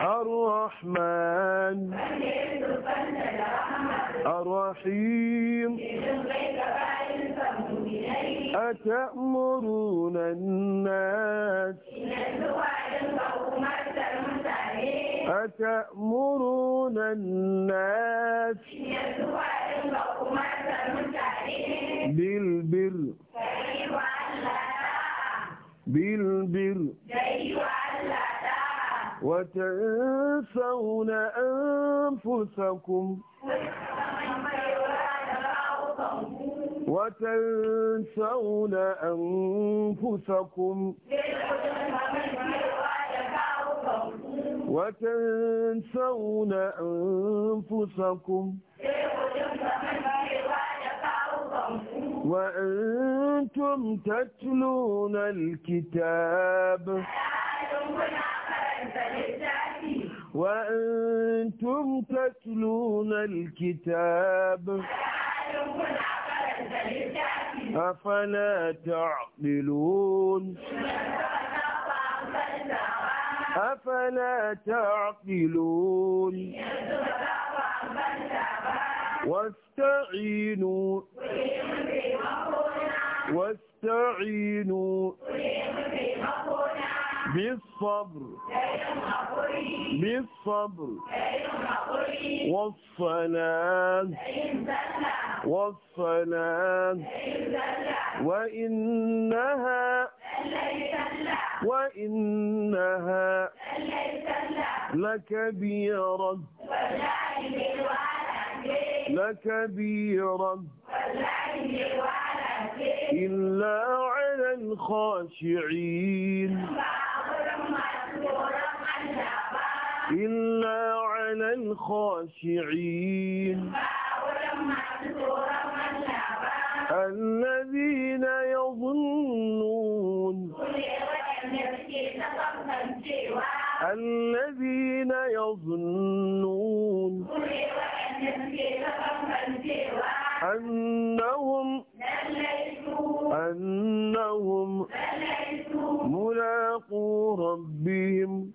الرحمن الرحيم أتأمرون الناس أتأمرون الناس بالبر بالبر وتنسون أنفسكم وتنسون أنفسكم وتنسون أنفسكم وأنتم تتلون الكتاب وأنتم تتلون الكتاب أفلا تعقلون أفلا تعقلون واستعينوا واستعينوا بالصبر بالصبر والصلاة والصلاة وإنها وإنها لكبيرة لكبيرة إلا على الخاشعين إلا على الخاشعين الذين يظنون الذين يظنون أنهم أنهم ملاقو ربهم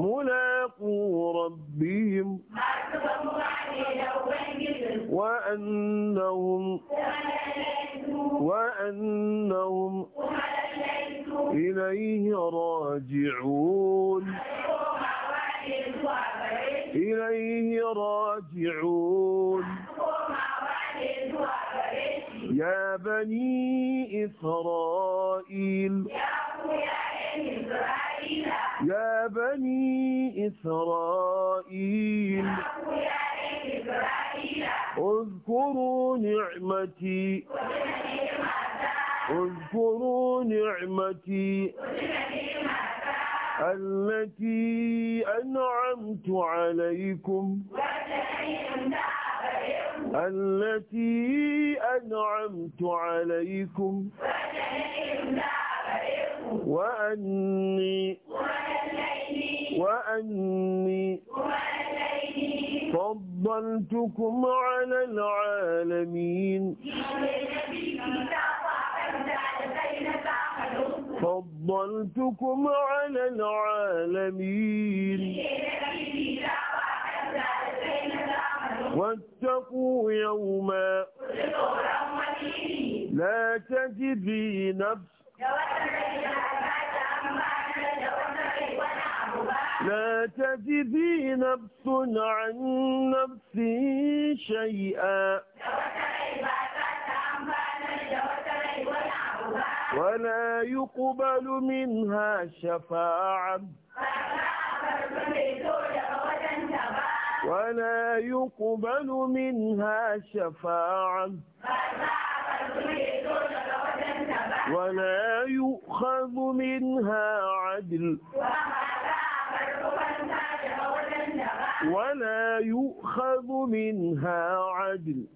ملاقو ربهم وأنهم وأنهم إليه راجعون إليه راجعون يا بني إسرائيل يا بني إسرائيل اذكروا نعمتي اذكروا نعمتي التي أنعمت عليكم التي أنعمت عليكم وأني وأني فضلتكم على العالمين فضلتكم على العالمين واتقوا يوما لا تجدي نفس لا تجدي نفس عن نفس شيئا ولا يقبل منها شفاعة ولا يقبل منها شفاعة ولا يؤخذ منها عدل ولا يؤخذ منها عدل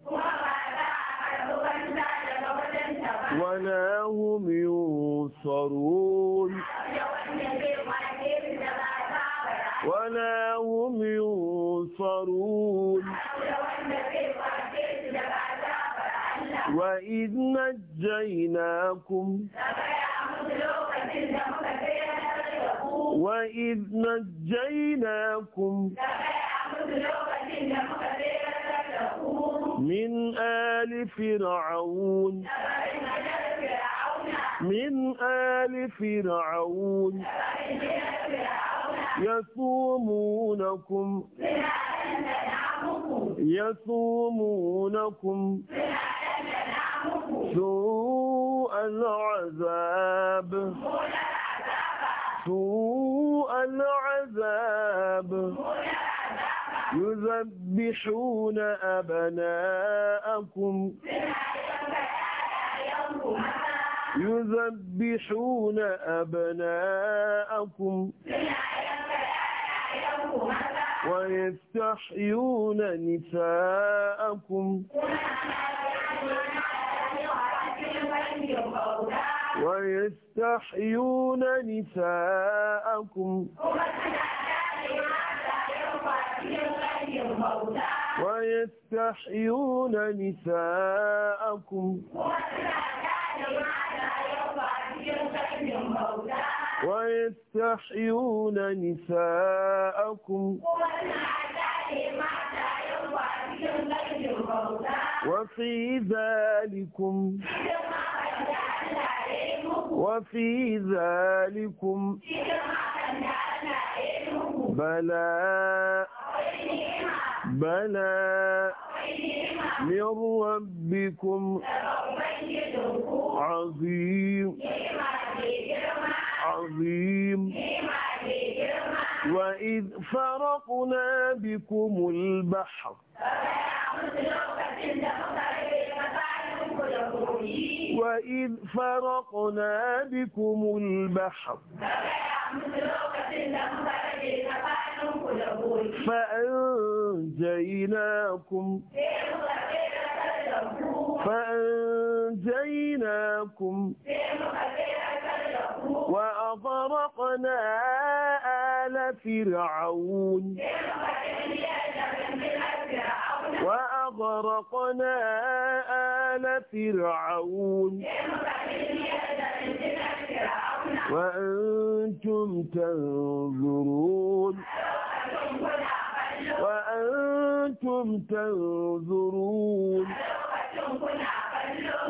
ولا هم ينصرون ولا هم ينصرون وإذ نجيناكم وإذ نجيناكم من آل فرعون من آل فرعون يصومونكم يصومونكم سوء العذاب سوء العذاب يذبحون أبناءكم يذبحون أبناءكم ويستحيون نساءكم ويستحيون نساءكم ويستحيون نساءكم ويستحيون نساءكم ويستحيون نساءكم وفي ذلكم وفي ذلكم بلاء بلاء من ربكم عظيم عظيم وإذ فرقنا بكم البحر وإذ فرقنا بكم البحر فأنجيناكم فأنجيناكم وأغرقنا آل فرعون وأغرقنا آل فرعون وأنتم تنظرون وأنتم تنظرون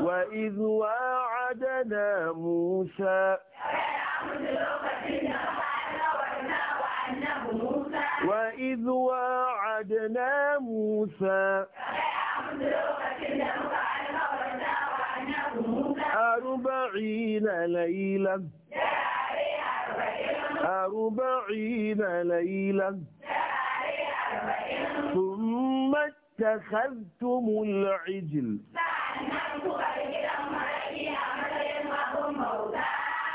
وإذ واعدتم وعدنا موسى وإذ وعدنا موسى أربعين ليلة أربعين ليلة ثم اتخذتم العجل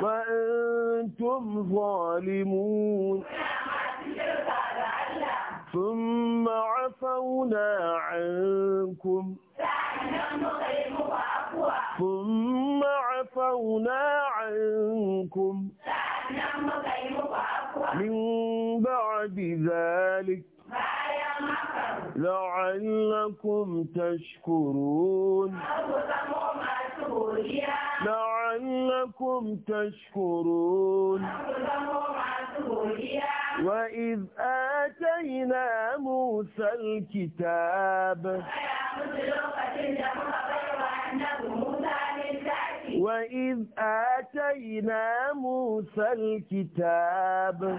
وأنتم ظالمون ثم عفونا عنكم ثم عفونا عنكم من بعد ذلك لعلكم تشكرون لعلكم تشكرون وإذ آتينا موسى الكتاب وإذ آتينا موسى الكتاب وإذ آتينا موسى الكتاب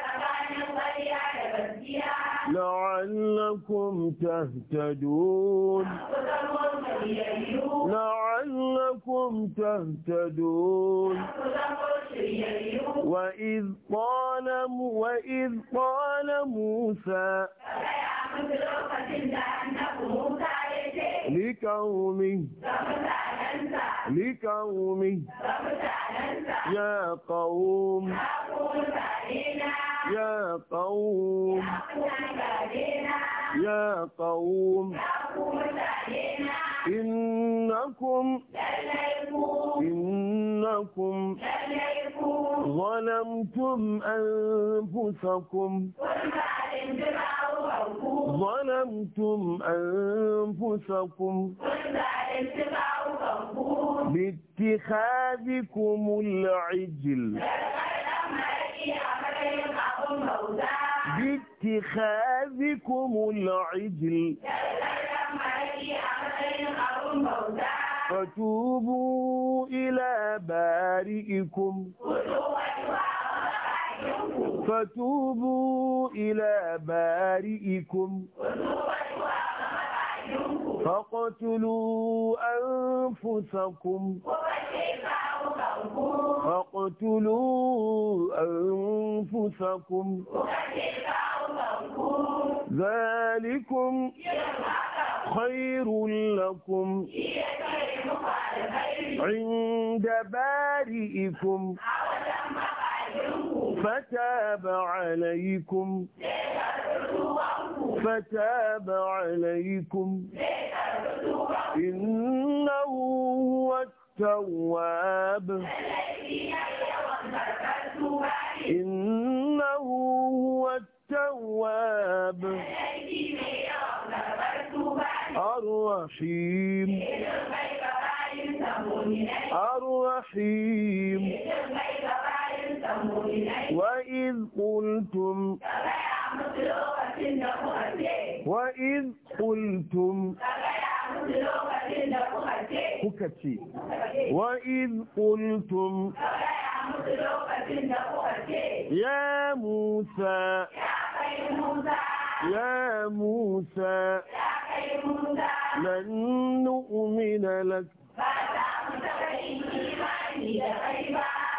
لعلكم تهتدون لعلكم تهتدون وإذ قال وإذ قال موسى لقومه لقومه يا قوم يا قوم يا قوم إنكم إنكم ظلمتم أنفسكم ظلمتم أنفسكم باتخاذكم العجل باتخاذكم العجل فتوبوا إلى بارئكم فتوبوا إلى بارئكم فاقتلوا أنفسكم فاقتلوا أنفسكم ذلكم خير لكم عند بارئكم فتاب عليكم فتاب عليكم إنه هو التواب إنه هو التواب الرحيم الرحيم وإذ قلتم وإذ قلتم kuka ce wa in kuntum ya musa ya musa lan nu'mina lak ba za mu taɓa imani da kai ba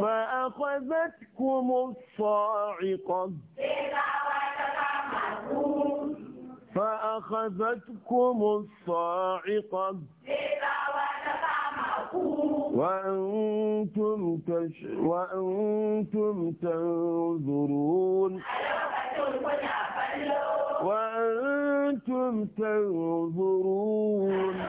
فأخذتكم الصاعقة فأخذتكم الصاعقة وأنتم, تش... وأنتم تنظرون وأنتم تنظرون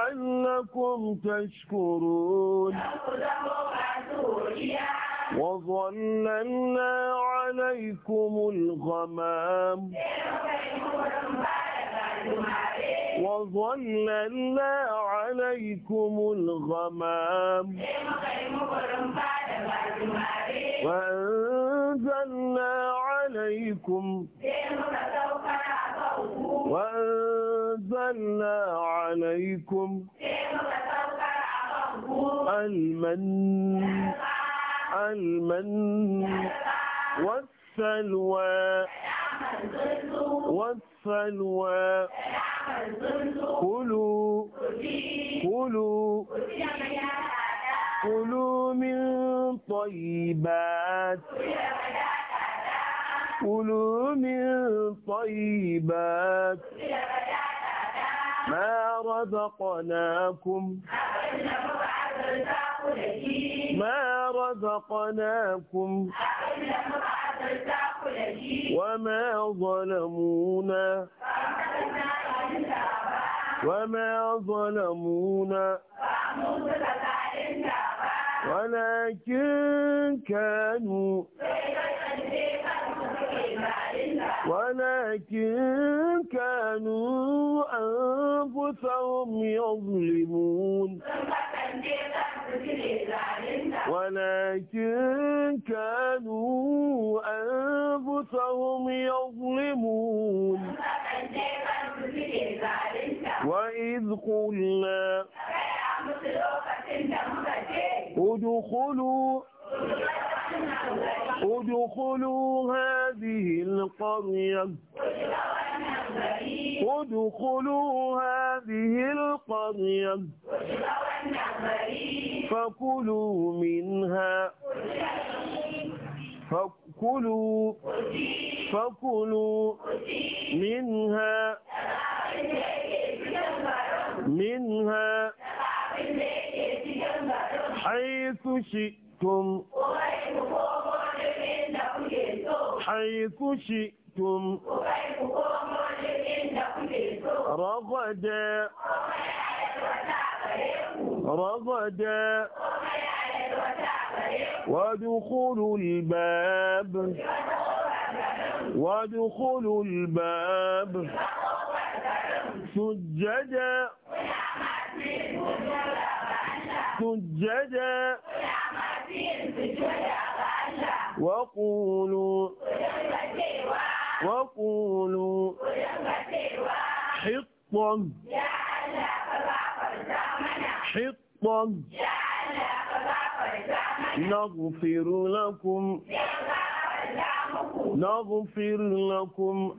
لعلكم تشكرون وظللنا عليكم الغمام وظللنا عليكم الغمام وأنزلنا عليكم وأنزلنا عليكم المن المن والسلوى والسلوى كلوا كلوا كلوا من طيبات كلوا من طيبات ما رزقناكم ما رزقناكم وما ظلمونا وما ظلمونا ولكن كانوا ولكن كانوا أنفسهم يظلمون ولكن كانوا أنفسهم يظلمون وإذ قلنا ادخلوا ادخلوا هذه القرية ادخلوا هذه القرية فكلوا منها فكلوا فكلوا منها منها حيث شئت شئتم حيث شئتم رغدا رغدا وادخلوا الباب وادخلوا الباب سجدا سجدا وقولوا وقولوا حطا حطا نغفر لكم نغفر لكم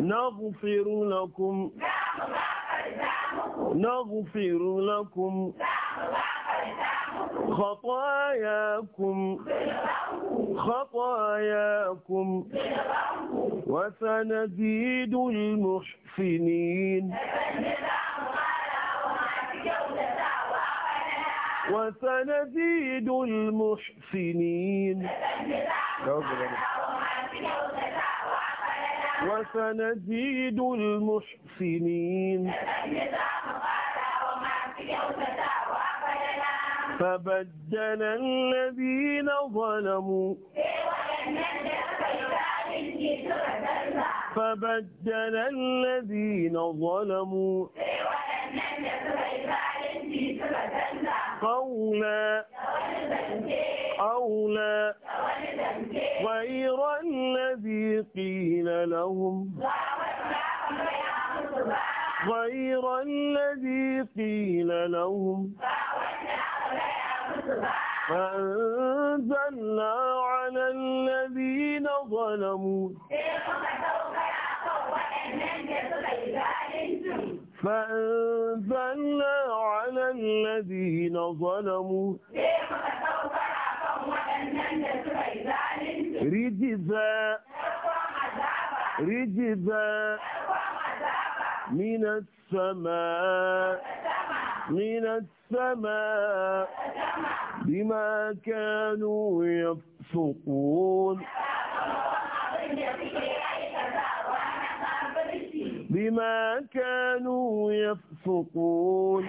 نغفر لكم نغفر لكم خطاياكم خطاياكم وسنزيد المحسنين وسنزيد المحسنين وسنزيد المحسنين فبدل الذين ظلموا فبدل الذين ظلموا قولا أولا غير الذي قيل لهم غير الذي قيل لهم فأنزلنا على الذين ظلموا فأنزلنا على الذين ظلموا رجزا رجزا من السماء من السماء بما كانوا يفسقون بما كانوا يفسقون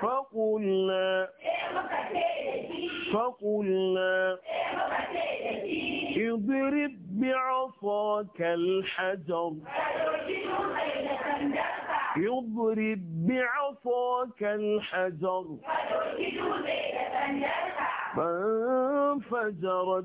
فقلنا اضرب بعصاك الحجر يضرب بعصاك الحجر فانفجرت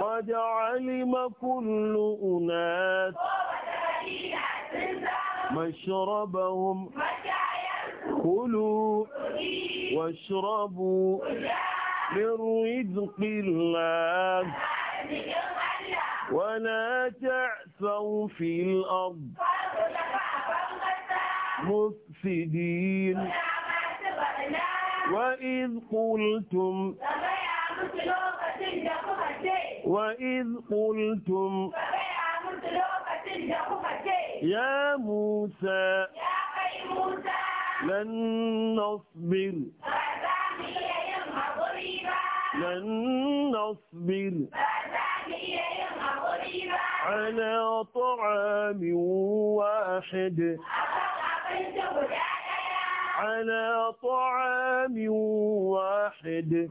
قد علم كل أناس مشربهم كلوا واشربوا من رزق الله ولا تعثوا في الأرض مفسدين وإذ قلتم وإذ قلتم يا موسى لن نصبر لن نصبر على طعام واحد على طعام واحد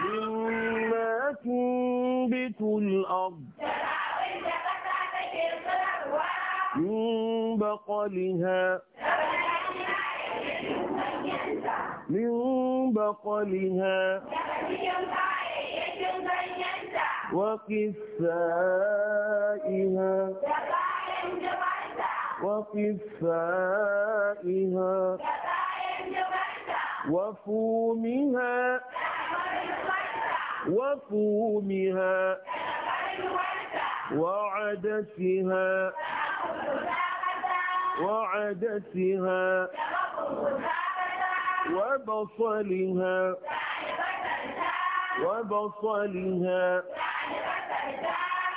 مما تنبت الأرض من بقلها من بقلها وقفائها وقفائها وفومها وفومها وعدسها وعدسها وبصلها وبصلها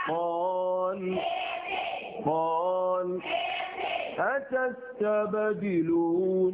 قال قال أتستبدلون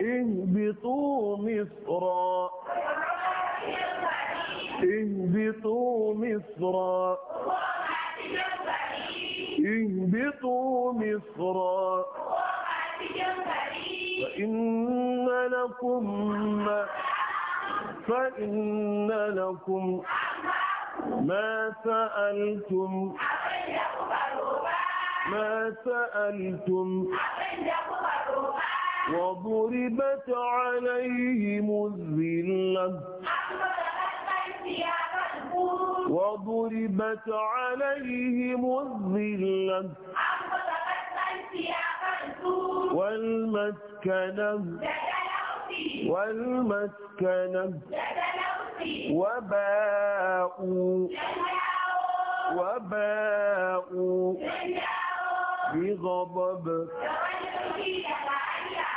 اهبطوا مصرا اهبطوا مصرا اهبطوا مصرا فإن لكم ما فإن لكم ما سألتم ما سألتم وضربت عليهم الذلة وضربت عليهم الذلة والمسكنة والمسكنة وباءوا وباءوا بغضب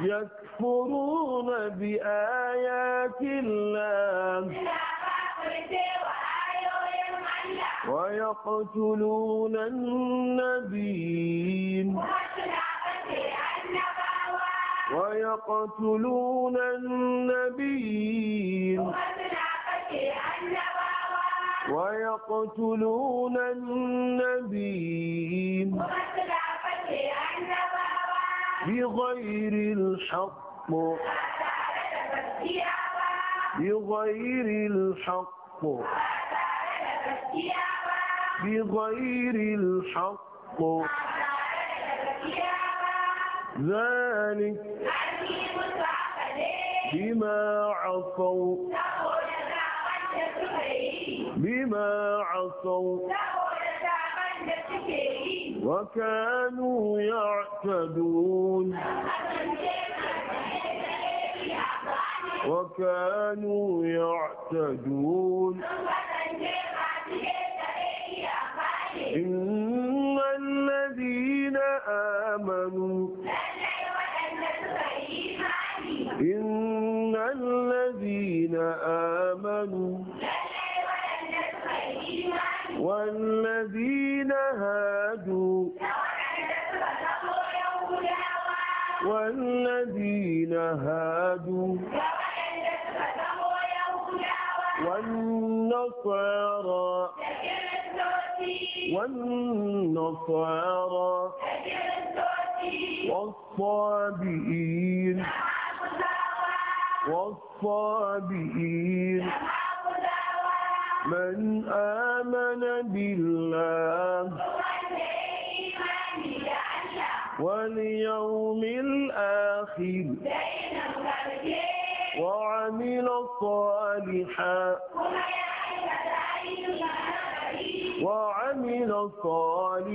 يكفرون بآيات الله ويقتلون النبيين ويقتلون النبيين ويقتلون النبيين بغير الحق بغير الحق بغير الحق ذلك بما عصوا بما عصوا وكانوا يعتدون وكانوا يعتدون إن الذين آمنوا الذي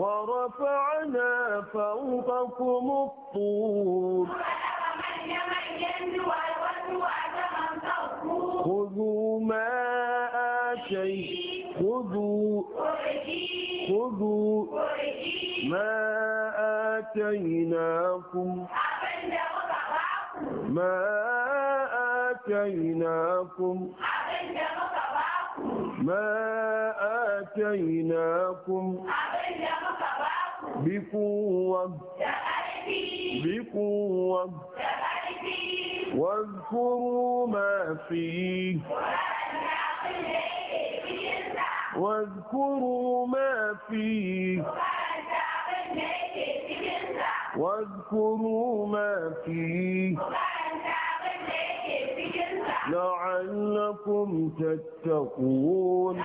ورفعنا فوقكم الطور خذوا ما آتي خذوا خذوا ما آتيناكم ما آتيناكم ما آتيناكم بقوة بقوة واذكروا ما فيه واذكروا ما فيه واذكروا ما فيه لعلكم تتقون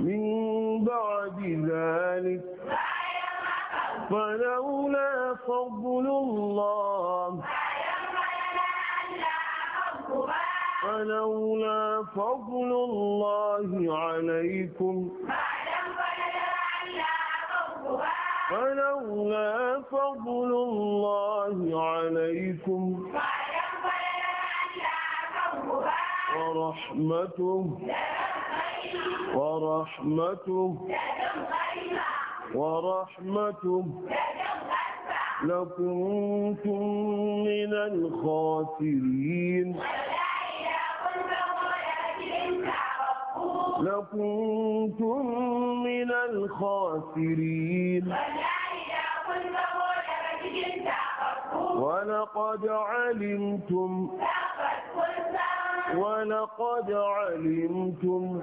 من بعد ذلك فلولا فضل الله فلولا فضل الله عليكم فلولا فضل الله عليكم ورحمته ورحمته ورحمته لكنتم من الخاسرين لكنتم من الخاسرين ولقد علمتم ولقد علمتم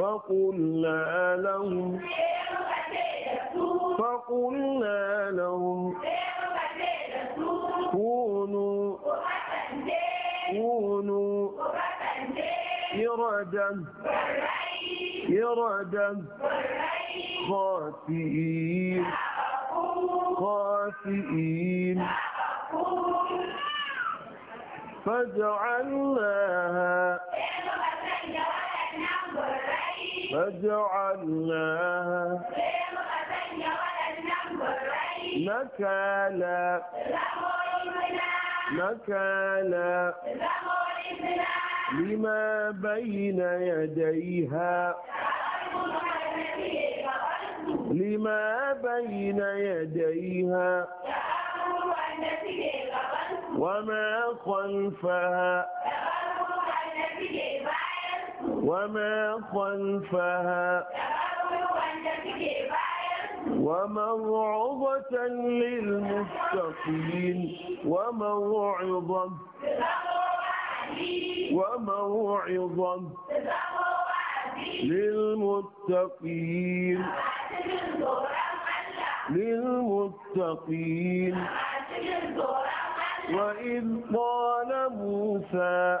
فقلنا لهم فقلنا لهم كونوا كونوا إردا إردا خاسئين خاسئين فجعلناها فجعلناها نكالا نكالا لما بين يديها لما بين يديها وما خلفها وما خلفها وموعظة للمتقين وموعظة وموعظة للمتقين للمتقين وإذ قال موسى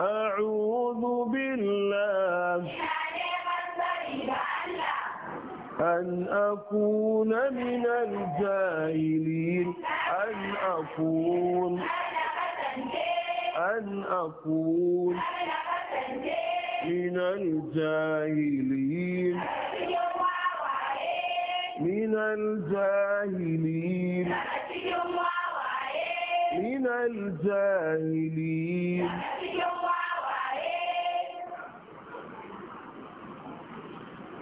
أعوذ بالله أن أكون من الجاهلين أن أكون أن أكون من الجاهلين من الجاهلين من الجاهلين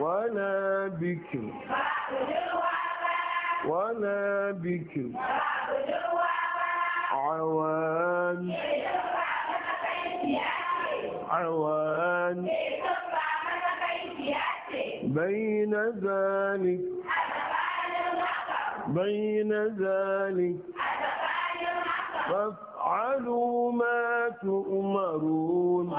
ولا بكر ولا بكر عوان عوان بين ذلك بين ذلك فافعلوا ما تؤمرون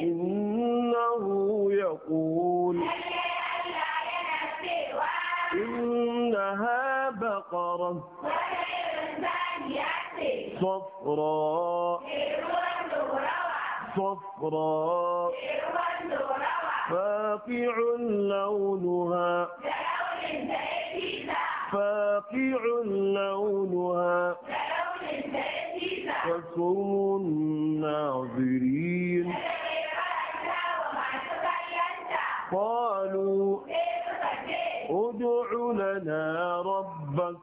إنه يقول إنها بقرة صفراء صفراء فاقع لونها فاقع لونها فسم الناظرين قالوا ادع لنا ربك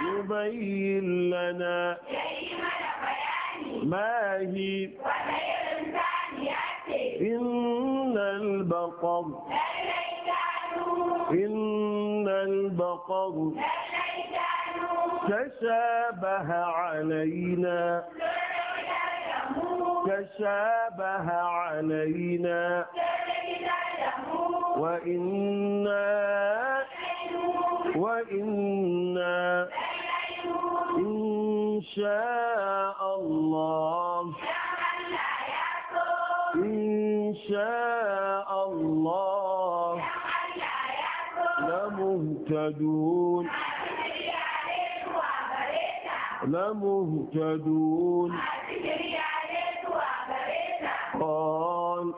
يبين لنا ما هي إن البقر إن البقر تشابه علينا تشابه علينا وإنا وإنا إن شاء الله إن شاء الله لمهتدون لمهتدون قال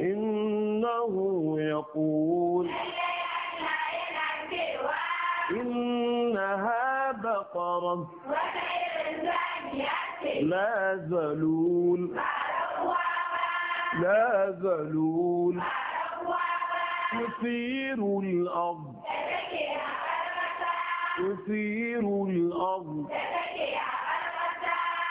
إنه يقول إنها بقرة لا ذلول لا ذلول تثير الأرض تثير الأرض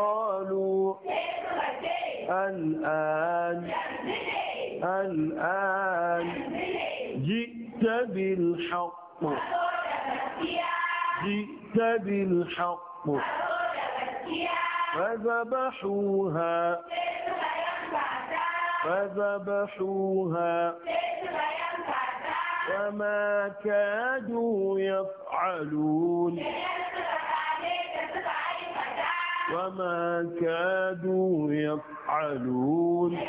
قالوا الآن الآن جئت بالحق جئت بالحق فذبحوها فذبحوها وما كادوا يفعلون وما كادوا يفعلون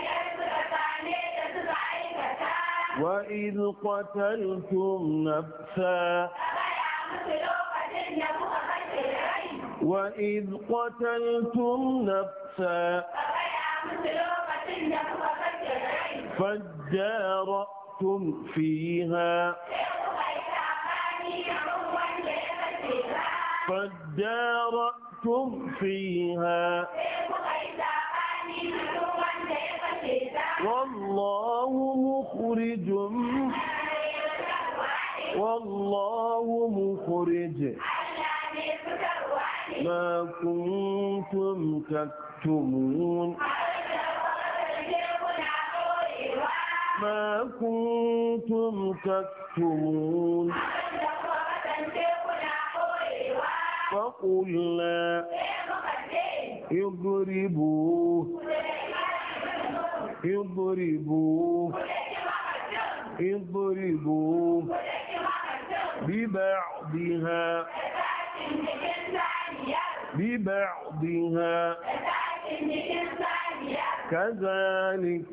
وإذ قتلتم نفسا وإذ قتلتم نفسا فجارأتم فيها فيها أنتم فيها والله مخرج والله مخرج ما كنتم تكتمون ما كنتم تكتمون فقلنا يضربوه يضربوه يضربوه ببعضها ببعضها كذلك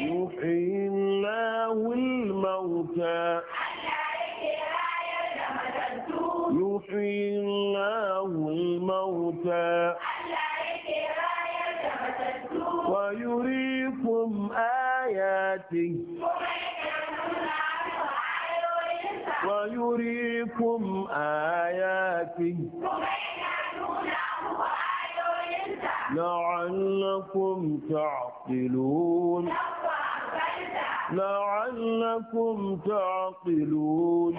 يحيي الله الموتى يحيي الله الموتى ويريكم آياته ويريكم آياته لعلكم تعقلون لعلكم تعقلون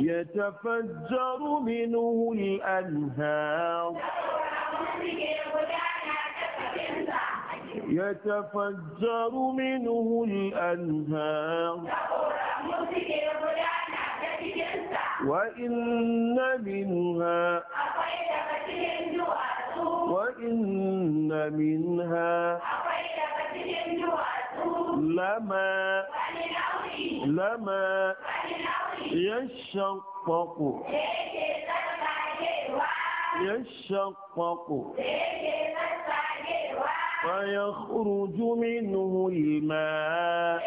يتفجر منه الأنهار يتفجر منه الأنهار وإن منها وإن منها لما لما يشقق يشقق فيخرج منه الماء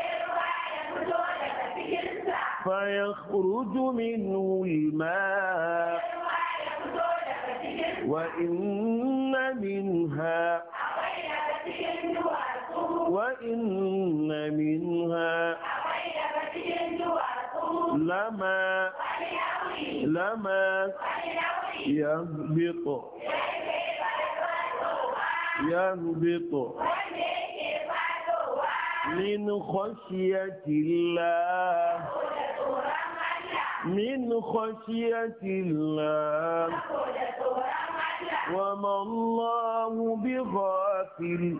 فيخرج منه الماء وإن منها وإن منها لما لما يهبط يهبط من خشية الله من خشية الله وما الله بغافل